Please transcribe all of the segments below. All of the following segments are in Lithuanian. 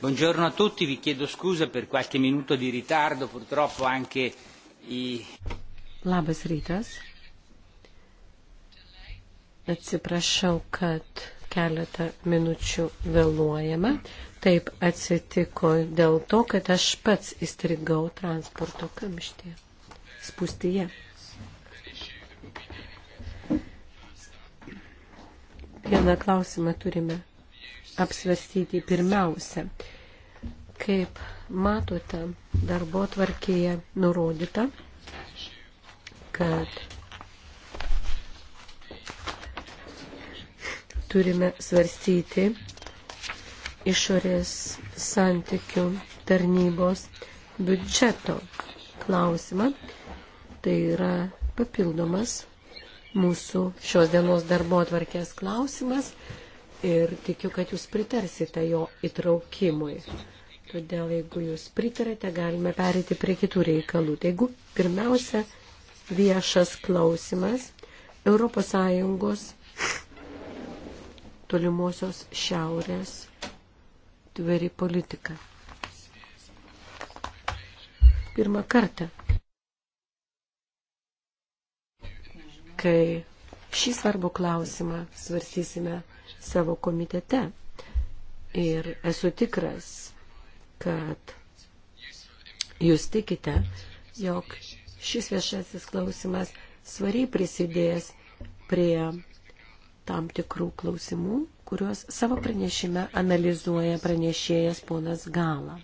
Buongiorno a tutti, vi chiedo scusa per qualche minuto di ritardo, purtroppo anche i. Labas rytas. Atsiprašau, kad keletą minučių vėluojame. Taip atsitiko dėl to, kad aš pats įstrigau transporto kamštėje, spūstyje. Vieną klausimą turime apsvarstyti pirmiausia. Kaip matote, darbo tvarkėje nurodyta, kad turime svarstyti išorės santykių tarnybos biudžeto klausimą. Tai yra papildomas mūsų šios dienos darbo atvarkės klausimas ir tikiu, kad jūs pritarsite jo įtraukimui. Todėl, jeigu jūs pritarate, galime perėti prie kitų reikalų. Tai jeigu pirmiausia viešas klausimas ES tolimosios šiaurės tveri politika. Pirmą kartą, kai šį svarbų klausimą svarstysime savo komitete. Ir esu tikras, kad jūs tikite, jog šis viešasis klausimas svariai prisidės prie tam tikrų klausimų, kuriuos savo pranešime analizuoja pranešėjas ponas Gala.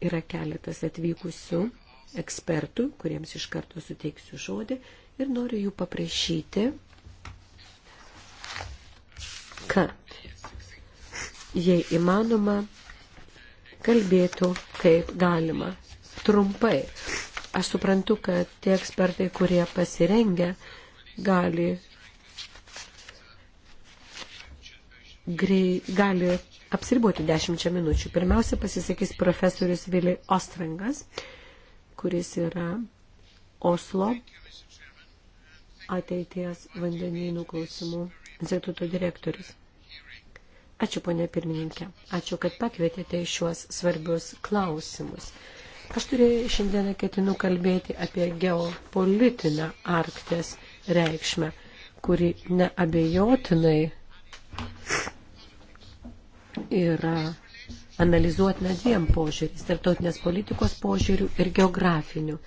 Yra keletas atvykusių ekspertų, kuriems iš karto suteiksiu žodį ir noriu jų paprašyti kad jei įmanoma, kalbėtų kaip galima. Trumpai. Aš suprantu, kad tie ekspertai, kurie pasirengia, gali, grei, gali apsiriboti dešimčia minučių. Pirmiausia, pasisakys profesorius Vili Ostrangas, kuris yra Oslo ateities vandenynų klausimų instituto direktorius. Ačiū, ponė pirmininkė. Ačiū, kad pakvietėte į šiuos svarbius klausimus. Aš turėjau šiandieną ketinu kalbėti apie geopolitinę Arktės reikšmę, kuri neabejotinai yra analizuotina dviem požiūriais - tarptautinės politikos požiūrių ir geografinių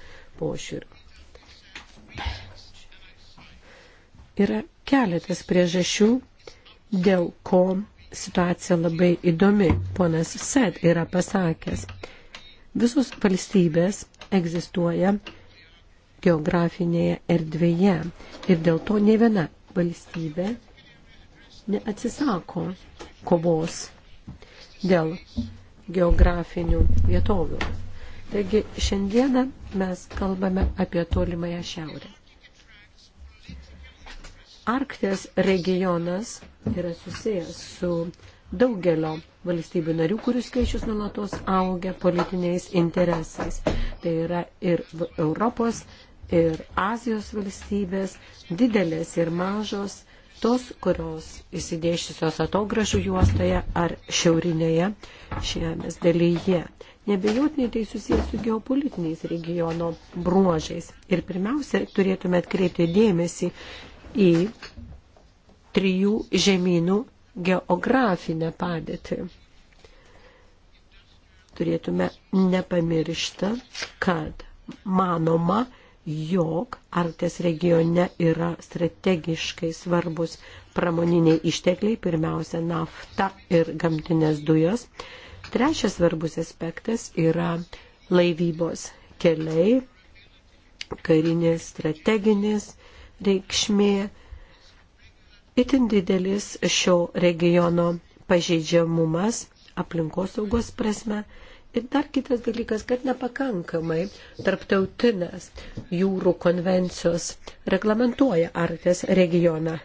požiūrių. Yra keletas priežasčių, dėl ko situacija labai įdomi. Ponas Set yra pasakęs, visos valstybės egzistuoja geografinėje erdvėje ir dėl to ne viena valstybė neatsisako kovos dėl geografinių vietovių. Taigi šiandieną mes kalbame apie tolimąją šiaurę. Arktės regionas yra susijęs su daugelio valstybių narių, kurių skaičius nulatos augia politiniais interesais. Tai yra ir Europos, ir Azijos valstybės, didelės ir mažos, tos, kurios įsidėšusios atogražų juostoje ar šiaurinėje šiemės dalyje. Nebejotinai tai susijęs su geopolitiniais regiono bruožais. Ir pirmiausia, turėtume atkreipti dėmesį į trijų žemynų geografinę padėtį. Turėtume nepamiršti, kad manoma, jog Arkties regione yra strategiškai svarbus pramoniniai ištekliai, pirmiausia nafta ir gamtinės dujos. Trečias svarbus aspektas yra laivybos keliai, karinės, strateginės reikšmė itin didelis šio regiono pažeidžiamumas aplinkosaugos prasme. Ir dar kitas dalykas, kad nepakankamai tarptautinės jūrų konvencijos reglamentuoja Arkties regioną.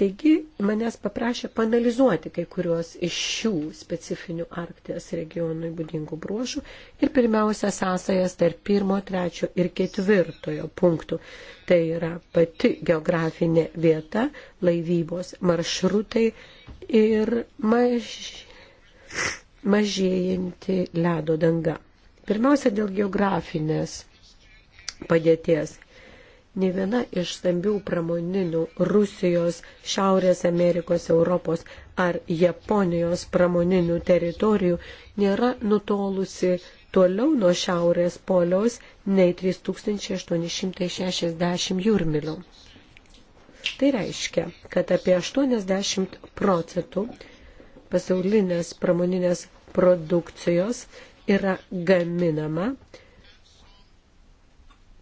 Taigi manęs paprašė panalizuoti kai kuriuos iš šių specifinių Arkties regionui būdingų bruožų ir pirmiausia sąsajas tarp pirmo, trečio ir ketvirtojo punktų. Tai yra pati geografinė vieta, laivybos maršrutai ir maž... mažėjanti ledo danga. Pirmiausia, dėl geografinės padėties Ne viena iš stambių pramoninių Rusijos, Šiaurės Amerikos, Europos ar Japonijos pramoninių teritorijų nėra nutolusi toliau nuo Šiaurės polios nei 3860 jūrmilių. Tai reiškia, kad apie 80 procentų pasaulinės pramoninės produkcijos yra gaminama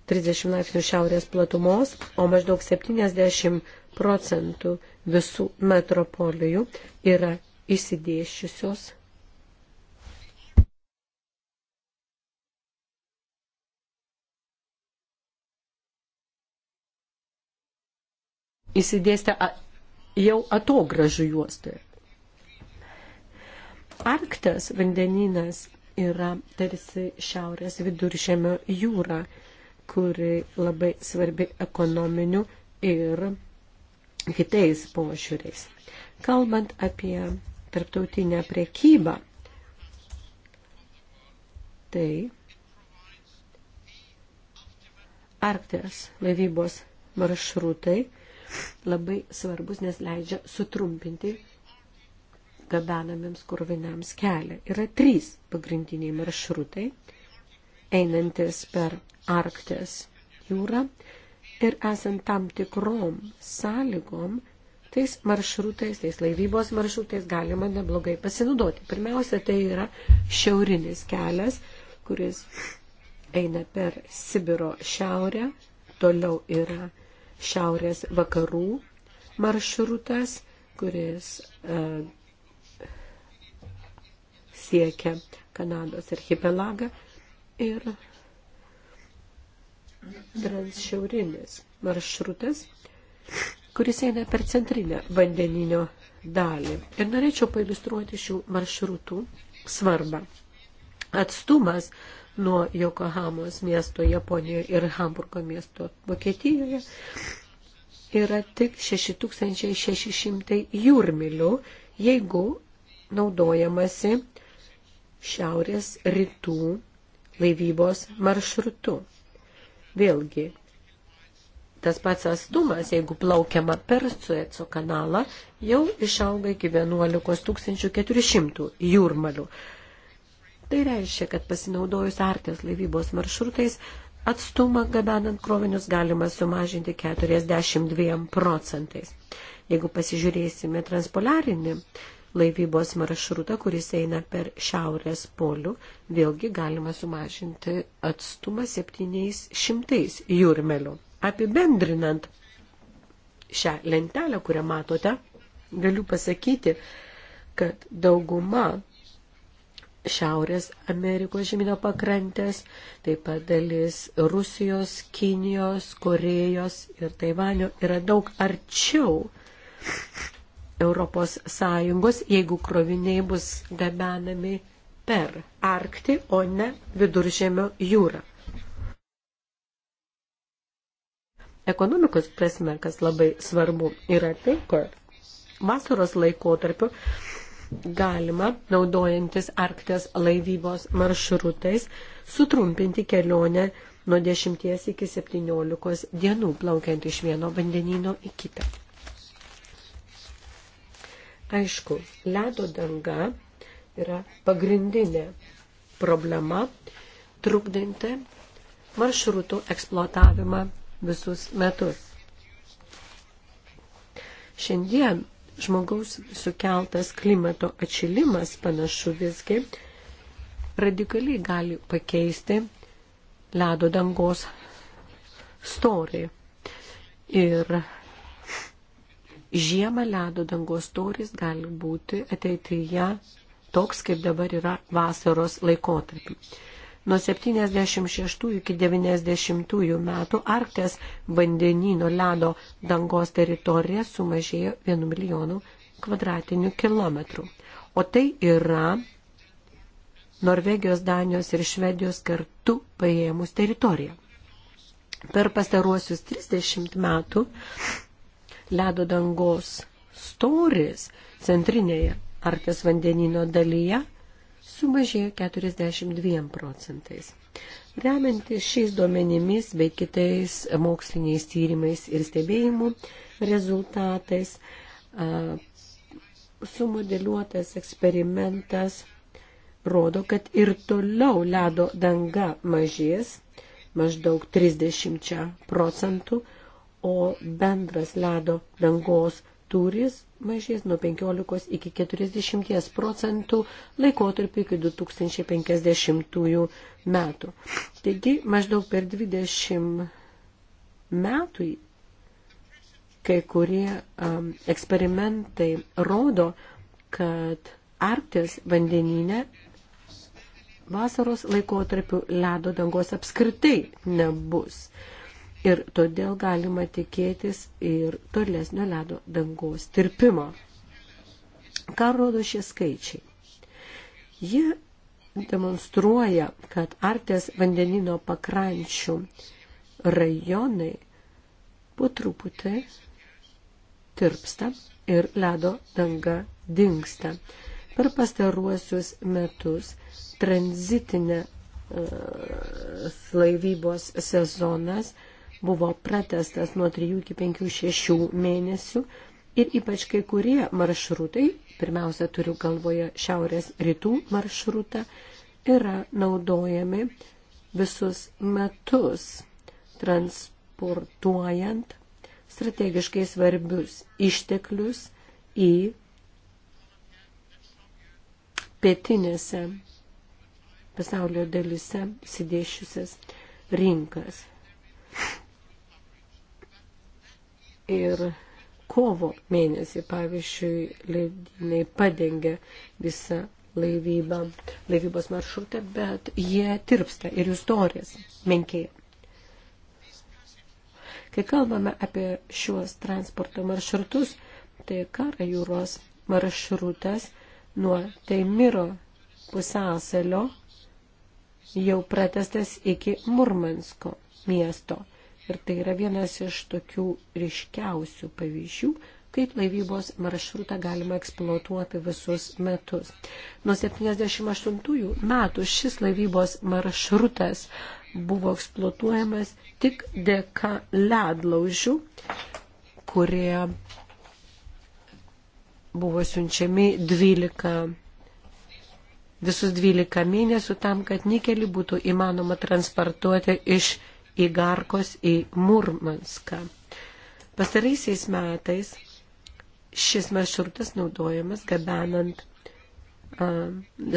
30 laipsnių šiaurės platumos, o maždaug 70 procentų visų metropolijų yra išsidėščiusios. Įsidėstę jau atogražų juostoje. Arktas vandenynas yra tarsi šiaurės viduržėmio jūra kuri labai svarbi ekonominiu ir kitais pošiūriais. Kalbant apie tarptautinę priekybą, tai Arktijos laivybos maršrutai labai svarbus, nes leidžia sutrumpinti gabenamiems kurviniams kelią. Yra trys pagrindiniai maršrutai einantis per Arktis jūrą ir esant tam tikrom sąlygom, tais maršrutais, tais laivybos maršrutais galima neblogai pasinaudoti. Pirmiausia, tai yra šiaurinis kelias, kuris eina per Sibiro šiaurę, toliau yra šiaurės vakarų maršrutas, kuris uh, siekia Kanados archipelagą ir transšiaurinis maršrutas, kuris eina per centrinę vandeninio dalį. Ir norėčiau pailistruoti šių maršrutų svarbą. Atstumas nuo Yokohamos miesto Japonijoje ir Hamburgo miesto Vokietijoje yra tik 6600 jūrmilių, jeigu naudojamasi šiaurės rytų laivybos maršrutu. Vėlgi, tas pats atstumas, jeigu plaukiama per Sueco kanalą, jau išauga iki 11 400 jūrmalių. Tai reiškia, kad pasinaudojus artės laivybos maršrutais, atstumą gabenant krovinius galima sumažinti 42 procentais. Jeigu pasižiūrėsime transpolarinį laivybos maršrutą, kuris eina per šiaurės polių, vėlgi galima sumažinti atstumą 700 jūrmelių. Apibendrinant šią lentelę, kurią matote, galiu pasakyti, kad dauguma Šiaurės Amerikos žemino pakrantės, taip pat dalis Rusijos, Kinijos, Korejos ir Taivanio yra daug arčiau ES, jeigu kroviniai bus gabenami per Arktį, o ne viduržėmio jūrą. Ekonomikos prasme, kas labai svarbu, yra tai, kad vasaros laikotarpiu galima, naudojantis Arktės laivybos maršrutais, sutrumpinti kelionę nuo 10 iki 17 dienų plaukiant iš vieno vandenino į kitą. Aišku, ledo danga yra pagrindinė problema, trukdinti maršrutų eksploatavimą visus metus. Šiandien žmogaus sukeltas klimato atšilimas panašu visgi radikaliai gali pakeisti ledo dangos storį. Ir žiemą ledo dangos storis gali būti ateityje toks, kaip dabar yra vasaros laikotarpį. Nuo 76 iki 90 metų Arktės vandenino ledo dangos teritorija sumažėjo 1 milijonų kvadratinių kilometrų. O tai yra Norvegijos, Danijos ir Švedijos kartu paėmus teritoriją. Per pastaruosius 30 metų ledo dangos storis centrinėje Arkties vandenino dalyje sumažėjo 42 procentais. Remiantis šiais duomenimis bei kitais moksliniais tyrimais ir stebėjimų rezultatais sumodeliuotas eksperimentas rodo, kad ir toliau ledo danga mažės maždaug 30 procentų o bendras ledo dangos tūris mažės nuo 15 iki 40 procentų laikotarpį iki 2050 metų. Taigi maždaug per 20 metų kai kurie um, eksperimentai rodo, kad Arktis vandenyne vasaros laikotarpiu ledo dangos apskritai nebus. Uh, ir todėl galima tikėtis ir tolesnio ledo dangos tirpimo. Ką rodo šie skaičiai? Jie demonstruoja, kad Artės vandenino pakrančių rajonai po truputį tirpsta ir ledo danga dinksta. Per pastaruosius metus tranzitinė uh, e, laivybos sezonas uh, buvo pratestas nuo 3 iki 5-6 mėnesių ir ypač kai kurie maršrutai, pirmiausia turiu galvoje šiaurės rytų maršrutą, yra naudojami visus metus transportuojant strategiškai svarbius išteklius į pietinėse pasaulio dalise sidėšiusias rinkas. ir kovo mėnesį, pavyzdžiui, leidiniai padengia visą laivybą, laivybos maršrutą, bet jie tirpsta ir jų storės menkėja. Kai kalbame apie šiuos transporto maršrutus, tai kara jūros maršrutas nuo Teimiro pusęsalio jau pratestas iki Murmansko miesto. Ir tai yra vienas iš tokių ryškiausių pavyzdžių, kaip laivybos maršrutą galima eksploatuoti visus metus. Nuo 78 metų šis laivybos maršrutas buvo eksploatuojamas tik dėka ledlaužių, kurie buvo siunčiami 12 visus 12 mėnesių tam, kad nikelį būtų įmanoma transportuoti iš Igarkos į Murmanską. Pastaraisiais metais šis maršrutas naudojamas gabenant uh,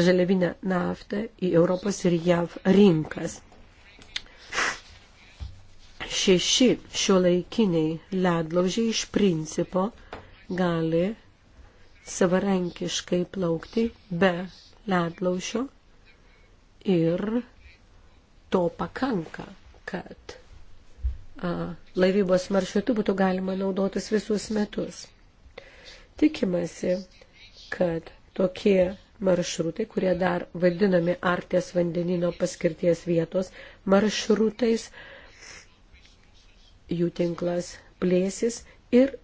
žaliavinę naftą į Europos ir JAV rinkas. Šeši šio laikiniai ledlaužiai iš principo gali savarankiškai plaukti be ledlaužio ir to pakanka kad laivybos maršrutu būtų galima naudotis visus metus. Tikimasi, kad tokie maršrutai, kurie dar vadinami Artės vandenino paskirties vietos maršrutais, jų tinklas plėsis ir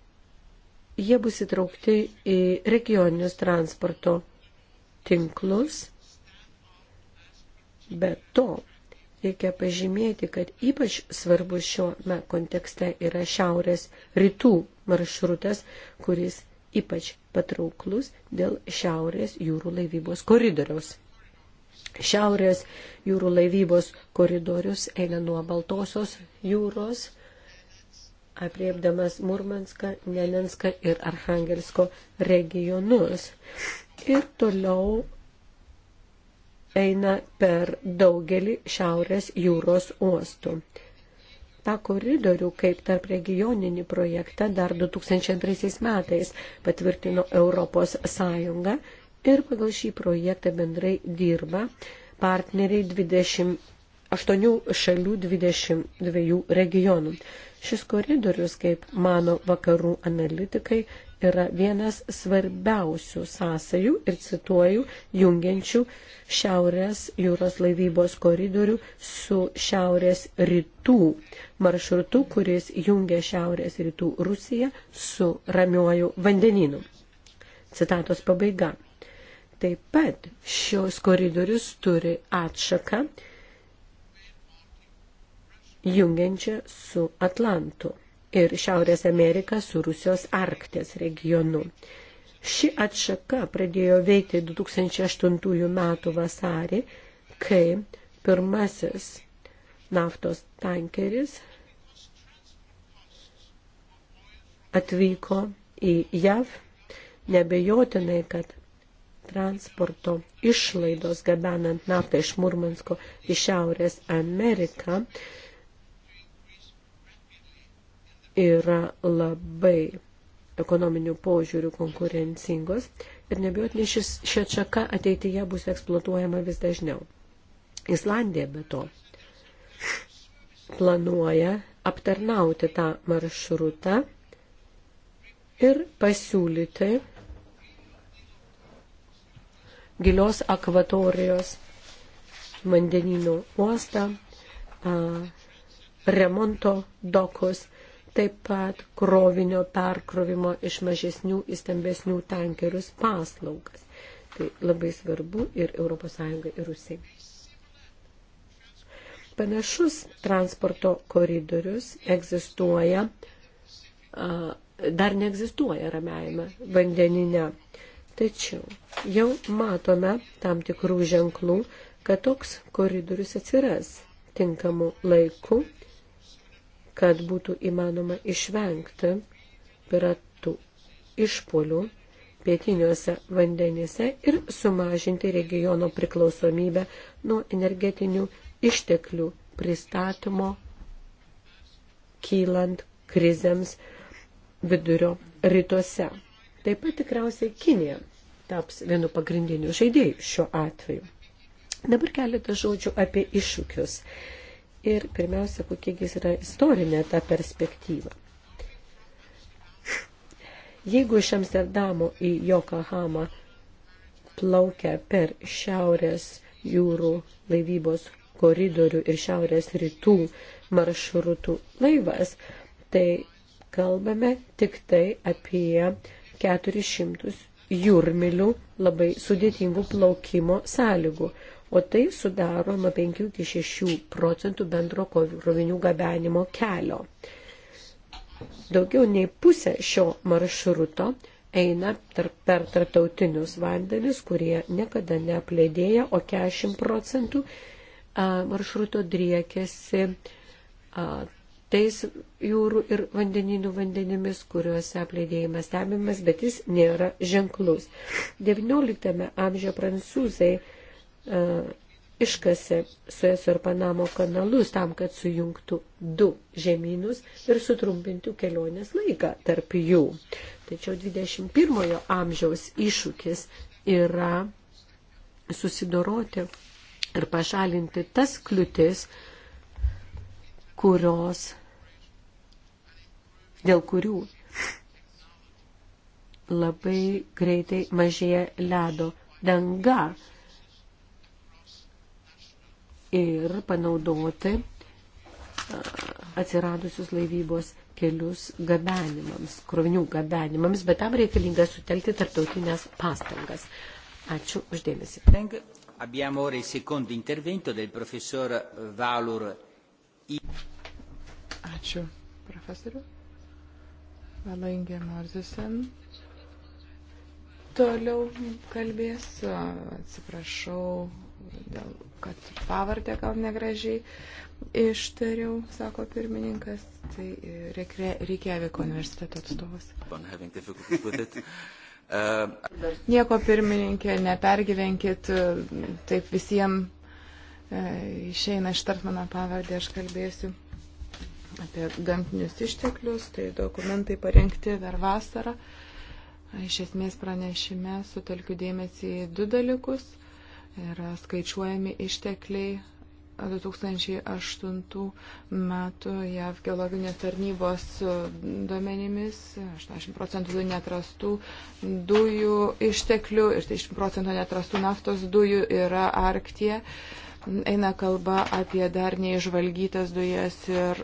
jie bus įtraukti į regioninius transporto tinklus. Be to, reikia pažymėti, kad ypač svarbus šiuo kontekste yra šiaurės rytų maršrutas, kuris ypač patrauklus dėl šiaurės jūrų laivybos koridoriaus. Šiaurės jūrų laivybos koridorius eina nuo Baltosios jūros, apriepdamas Murmanską, Nenenską ir Arhangelsko regionus. Ir toliau eina per daugelį Šiaurės jūros uostų. Ta koridorių kaip tarp regioninį projektą dar 2002 metais patvirtino Europos Sąjunga ir pagal šį projektą bendrai dirba partneriai 20 8 šalių 22 regionų. Šis koridorius, kaip mano vakarų analitikai, yra vienas svarbiausių sąsajų ir cituoju jungiančių šiaurės jūros laivybos koridorių su šiaurės rytų maršrutu, kuris jungia šiaurės rytų Rusiją su ramiuoju vandeninu. Citatos pabaiga. Taip pat šios koridorius turi atšaką jungiančią su Atlantu ir Šiaurės Ameriką su Rusijos Arktės regionu. Ši atšaka pradėjo veikti 2008 metų vasarį, kai pirmasis naftos tankeris atvyko į JAV, nebejotinai, kad transporto išlaidos gabenant naftą iš Murmansko į Šiaurės Ameriką yra labai ekonominių požiūrių konkurencingos ir nebijotinai šis šia čaka ateityje bus eksploatuojama vis dažniau. Islandija be to planuoja aptarnauti tą maršrutą ir pasiūlyti gilios akvatorijos vandenino uostą, remonto dokus taip pat krovinio perkrovimo iš mažesnių į stambesnių tankerius paslaugas. Tai labai svarbu ir ES ir Rusijai. Panašus transporto koridorius egzistuoja, dar neegzistuoja ramiajame vandeninė. Tačiau jau matome tam tikrų ženklų, kad toks koridorius atsiras tinkamu laiku kad būtų įmanoma išvengti piratų išpolių pietiniuose vandenyse ir sumažinti regiono priklausomybę nuo energetinių išteklių pristatymo kylant krizėms vidurio rytuose. Taip pat tikriausiai Kinija taps vienu pagrindiniu žaidėju šiuo atveju. Dabar keletą žodžių apie iššūkius ir pirmiausia, kokiegis yra istorinė ta perspektyva. Jeigu iš Amsterdamo į Jokahamą plaukia per šiaurės jūrų laivybos koridorių ir šiaurės rytų maršrutų laivas, tai kalbame tik tai apie 400 jūrmilių labai sudėtingų plaukimo sąlygų o tai sudaro nuo 5 iki 6 procentų bendro krovinių gabenimo kelio. Daugiau nei pusė šio maršruto eina tarp, per tarptautinius vandenis, kurie niekada neapledėja, o 40 procentų a, maršruto driekiasi a, tais jūrų ir vandeninių vandenimis, kuriuose apledėjimas stebimas, bet jis nėra ženklus. XIX amžiuje prancūzai E, iškasė Sueso ir Panamo kanalus tam, kad sujungtų du žemynus ir sutrumpintų kelionės laiką tarp jų. Tačiau 21 amžiaus iššūkis yra susidoroti ir pašalinti tas kliūtis, kurios, dėl kurių labai greitai mažėja ledo danga ir panaudoti atsiradusius laivybos kelius gabenimams, krovinių gabenimams, bet tam reikalinga sutelkti tarptautinės pastangas. Ačiū uždėmesi. Abbiamo ora il secondo intervento del professor Valur. Ačiū, profesoriu. Valangė Morzisen. Toliau kalbės, atsiprašau, dėl, kad pavardę gal negražiai ištariau, sako pirmininkas, tai e, Reikjaviko universiteto atstovas. Uh, Nieko pirmininkė, nepergyvenkit, e, taip visiems e, išeina ištart mano pavardė, aš kalbėsiu apie gamtinius išteklius, tai dokumentai parengti per vasarą. Iš esmės pranešime sutelkiu dėmesį į du dalykus yra skaičiuojami ištekliai 2008 metų JAV geologinės tarnybos e, duomenimis 80 procentų netrastų dujų išteklių ir 30 procentų netrastų naftos dujų yra Arktie. Eina kalba apie dar neižvalgytas dujas ir e,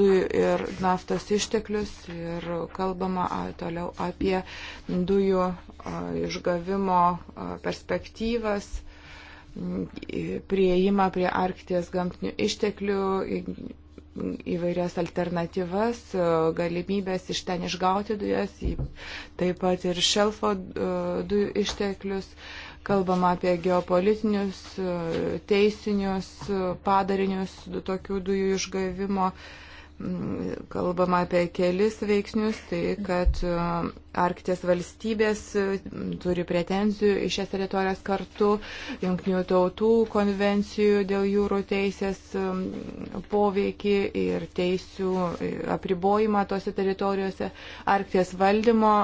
dujų ir naftos išteklius ir kalbama toliau apie dujų e, išgavimo perspektyvas prieimą prie Arkties gamtinių išteklių, įvairias alternatyvas, galimybės iš ten išgauti dujas, taip pat ir šelfo e, dujų išteklius. Kalbama apie geopolitinius, e, teisinius e, padarinius tokių dujų išgavimo. Uh, kalbama apie kelis veiksnius, tai kad e, Arktės valstybės e, turi pretenzijų į šias teritorijas kartu, jungtinių tautų konvencijų dėl jūrų teisės e, poveikį ir teisių apribojimą tose teritorijose, Arktės valdymo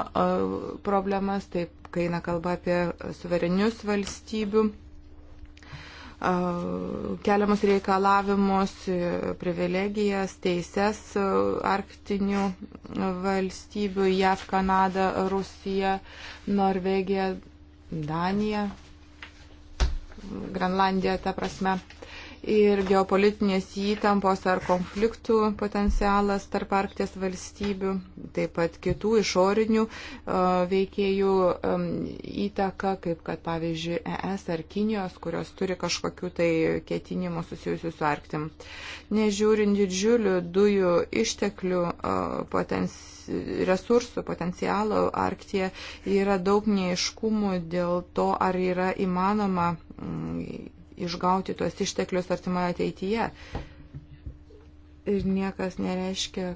problemas, taip kai eina kalba apie suverenius valstybių keliamus reikalavimus, e, privilegijas, teises e, arktinių valstybių - JAV, Kanada, Rusija, Norvegija, Danija, Grenlandija, ta prasme ir geopolitinės įtampos ar konfliktų potencialas tarp Arktės valstybių, taip pat kitų išorinių e, veikėjų e, įtaka, kaip kad pavyzdžiui ES ar Kinijos, kurios turi kažkokių tai ketinimų susijusių su Arktim. Nežiūrint didžiulių dujų išteklių e, potencialų resursų potencialo Arktie yra daug neiškumų dėl to, ar yra įmanoma mm, išgauti tuos išteklius artimoje ateityje. Ir niekas nereiškia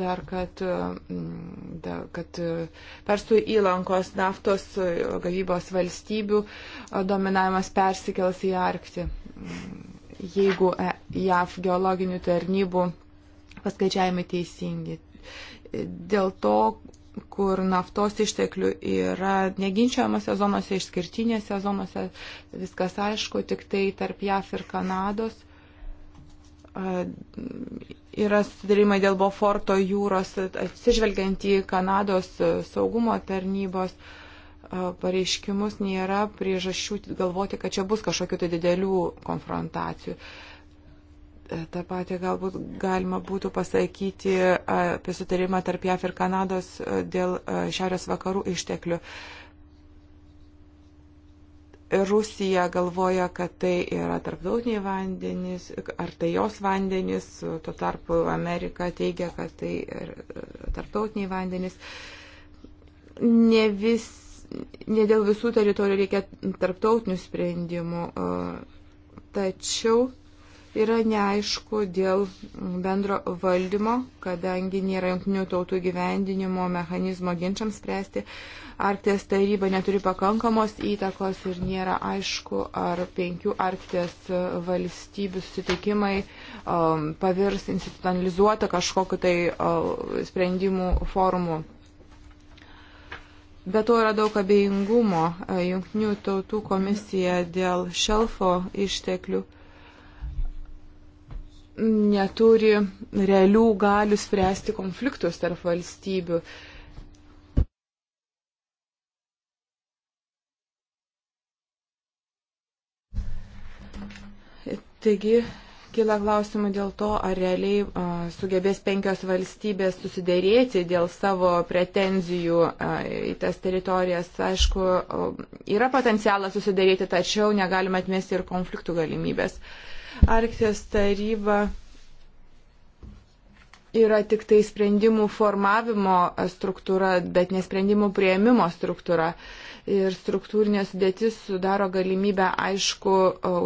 dar, kad, mm, da, kad Persų įlankos naftos gavybos valstybių dominavimas persikels į Arktį. Jeigu e, JAV geologinių tarnybų paskaičiavimai teisingi. Dėl to kur naftos išteklių yra neginčiamose zonose, išskirtinėse zonose, viskas aišku, tik tai tarp JAF ir Kanados yra sudarimai dėl Boforto jūros, atsižvelgiant į Kanados saugumo tarnybos pareiškimus, nėra priežasčių galvoti, kad čia bus kažkokių tai didelių konfrontacijų tą patį galbūt galima būtų pasakyti apie sutarimą tarp JAF ir Kanados dėl šiaurės vakarų išteklių. Rusija galvoja, kad tai yra tarptautiniai vandenys, ar tai jos vandenys, tuo tarpu Amerika teigia, kad tai e, tarptautiniai vandenys. Ne, vis, ne dėl visų teritorijų reikia tarptautinių sprendimų, tačiau yra neaišku dėl bendro valdymo, kadangi nėra jungtinių tautų gyvendinimo mechanizmo ginčiams spręsti. Arktės taryba neturi pakankamos įtakos ir nėra aišku, ar penkių Arktės valstybių susitikimai um, pavirs institucionalizuotą kažkokiu tai um, sprendimų forumu. Be to yra daug abejingumo uh, jungtinių tautų komisija dėl šelfo išteklių neturi realių galių spręsti konfliktus tarp valstybių. Taigi, kyla klausimų dėl to, ar realiai uh, sugebės penkios valstybės susidėrėti dėl savo pretenzijų uh, į tas teritorijas. Aišku, uh, yra potencialas susidėrėti, tačiau negalime atmesti ir konfliktų galimybės. Uh, Arkties taryba yra tik tai sprendimų formavimo struktūra, bet ne sprendimų prieimimo struktūra. Ir struktūrinė sudėtis sudaro galimybę, aišku,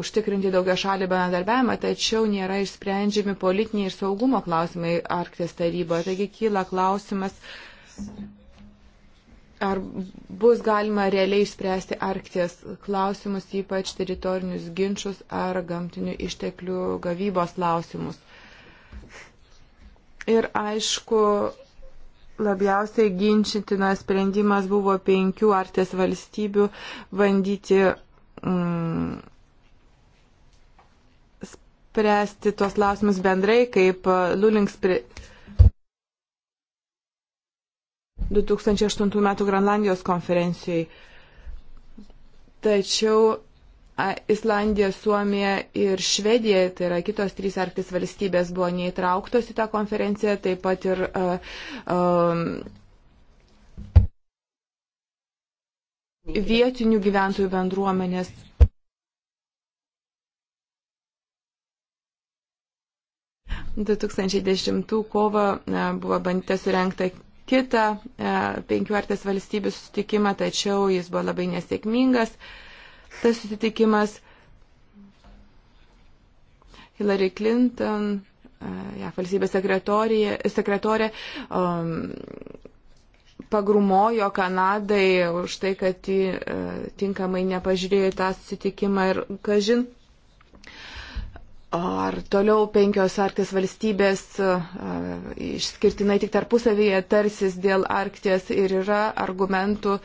užtikrinti daugia šalį bendradarbiavimą, tačiau nėra išsprendžiami politiniai ir saugumo klausimai Arkties taryboje. Taigi kyla klausimas, ar bus galima realiai išspręsti Arkties klausimus, ypač teritorinius ginčius ar gamtinių išteklių gavybos klausimus. Ir aišku, labiausiai ginčytinas sprendimas buvo penkių Arkties valstybių bandyti mm, spręsti tuos klausimus bendrai, kaip Lulings. Pri 2008 m. Grenlandijos konferencijai. Tačiau Islandija, Suomija ir Švedija, tai yra kitos trys arktis valstybės, buvo neįtrauktos į tą konferenciją, taip pat ir. Uh, um, vietinių gyventojų bendruomenės. De 2010 kovo buvo bandyta surenkti kitą e, penkių artės valstybių susitikimą, tačiau jis buvo labai nesėkmingas. Tas susitikimas Hillary Clinton, e, ja, valstybės sekretorė, um, pagrumojo Kanadai už tai, kad ji uh, tinkamai nepažiūrėjo į tą susitikimą ir kažin Ar toliau penkios Arktis valstybės e, išskirtinai tik tarpusavyje tarsis dėl Arkties ir yra argumentų e,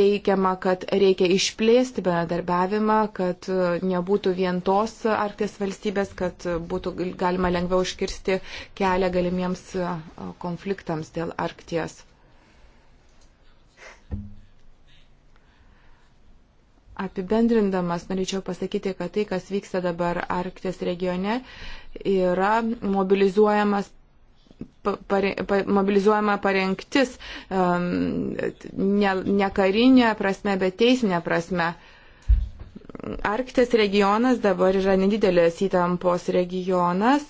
teikiama, kad reikia išplėsti bendradarbiavimą, kad e, nebūtų vien tos Arkties valstybės, kad būtų galima lengviau užkirsti kelią galimiems konfliktams dėl Arkties. Apibendrindamas norėčiau pasakyti, kad tai, kas vyksta dabar Arktis regione, yra mobilizuojamas pare, pa, mobilizuojama parengtis um, ne, ne karinė prasme, bet teisinė prasme. Arktis regionas dabar yra nedidelės įtampos regionas,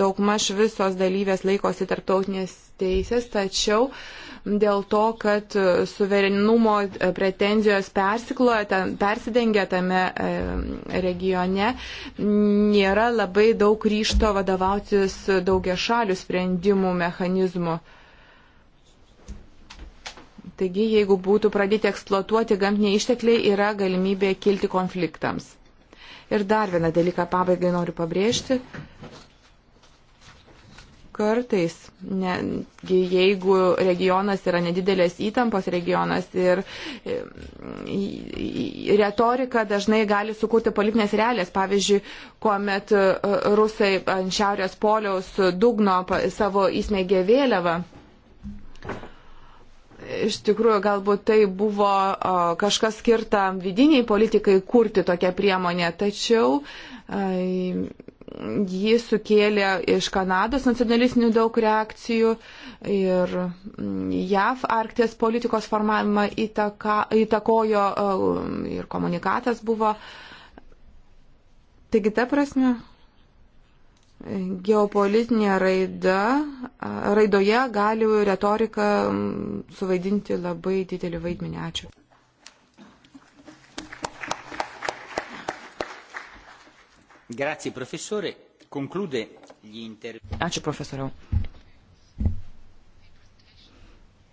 daugmaž visos dalyvės laikosi tarptautinės teisės, tačiau uh, dėl to, kad suverenumo pretenzijos persidengia tame e, regione, nėra labai daug ryšto vadovautis daugia šalių sprendimų mechanizmu. Taigi, jeigu būtų pradėti eksploatuoti gamtiniai ištekliai, yra galimybė kilti konfliktams. Ir dar vieną dalyką pabaigai noriu pabrėžti kartais, netgi jeigu regionas yra nedidelės įtampos regionas ir e, retorika dažnai gali sukurti politinės realės. Pavyzdžiui, kuomet e, rusai ant šiaurės poliaus dugno savo įsmėgė vėliavą. Iš tikrųjų, galbūt tai buvo o, e, kažkas skirta vidiniai politikai kurti tokią priemonę, tačiau ai, ji sukėlė iš Kanados nacionalistinių daug reakcijų ir mm, JAV Arkties politikos formavimą įtaka, įtakojo e, ir komunikatas buvo. Taigi ta prasme, geopolitinė raida, raidoje gali retorika suvaidinti labai didelį vaidmenį. Ačiū. Grazie professore. Ačiū profesoriau.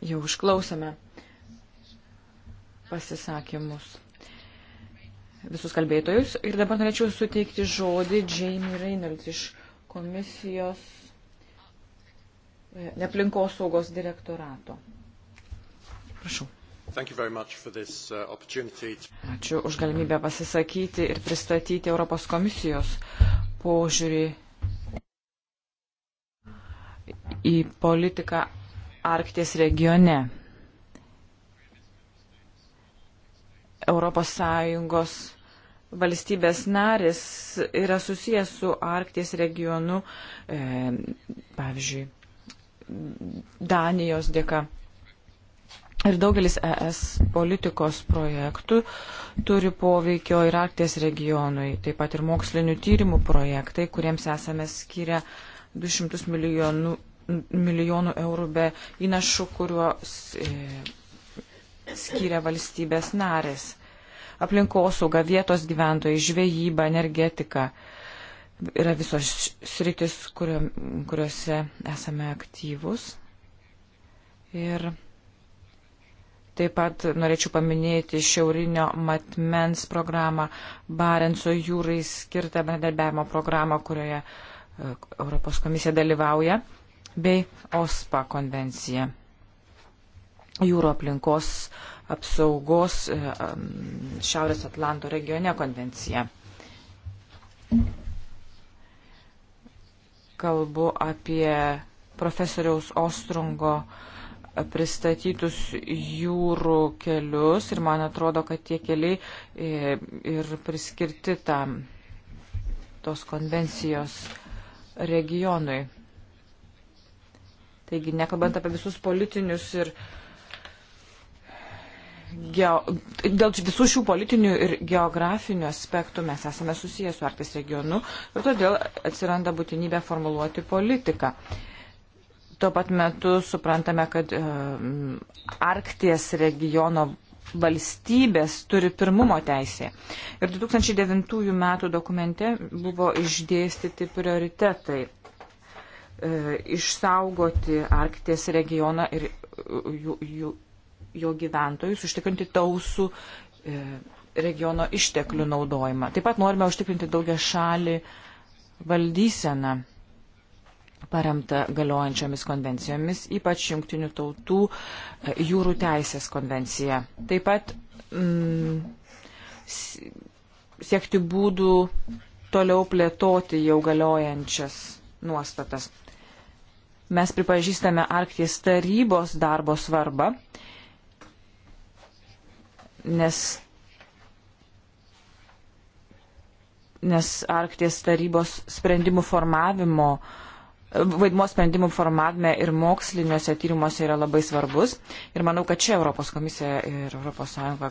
Jau išklausome pasisakymus visus kalbėtojus ir dabar norėčiau suteikti žodį Jamie Reynolds iš komisijos e, aplinkos saugos direktorato. Prašau. This, uh, Ačiū už galimybę pasisakyti ir pristatyti Europos komisijos uh, požiūrį į politiką Arkties regione. ES valstybės narės yra susijęs su Arkties regionu, e, pavyzdžiui, Danijos dėka. Ir daugelis ES politikos projektų turi poveikio ir Arkties regionui, taip pat ir mokslinių tyrimų projektai, kuriems esame skiria 200 milijonų, milijonų eurų be įnašų, kuriuos e, skiria valstybės narės. Aplinkosauga, vietos gyventojai, žvejyba, energetika yra visos sritis, kurio, kuriuose esame aktyvus. Ir Taip pat norėčiau paminėti šiaurinio matmens programą, Barenco jūrai skirtą bendradarbiavimo programą, kurioje e, Europos komisija dalyvauja, bei OSPA konvenciją. Jūro aplinkos apsaugos e, Šiaurės Atlanto regione konvencija. Kalbu apie profesoriaus Ostrungo uh, pristatytus jūrų kelius ir man atrodo, kad tie keliai e, ir priskirti tam tos konvencijos regionui. Taigi, nekalbant apie visus politinius ir geo, dėl visų šių politinių ir geografinių aspektų mes esame susijęs su Arktis regionu ir todėl atsiranda būtinybė formuluoti politiką. Uh, Tuo pat metu suprantame, kad e, Arkties regiono valstybės turi pirmumo teisė. Ir 2009 metų dokumente buvo išdėstyti prioritetai e, išsaugoti Arkties regioną ir e, jų, jų, jo gyventojus, užtikrinti tausų e, regiono išteklių naudojimą. Taip pat norime užtikrinti daugia šalį valdyseną paremta galiojančiomis konvencijomis, ypač Junktinių tautų e, jūrų teisės konvencija. Taip pat mm, siekti būdų toliau plėtoti jau galiojančias nuostatas. Mes pripažįstame Arkties tarybos darbo svarbą, nes, nes Arkties tarybos sprendimų formavimo uh, vaidmo sprendimų formavime ir moksliniuose tyrimuose yra labai svarbus. Ir manau, kad čia Europos komisija ir ES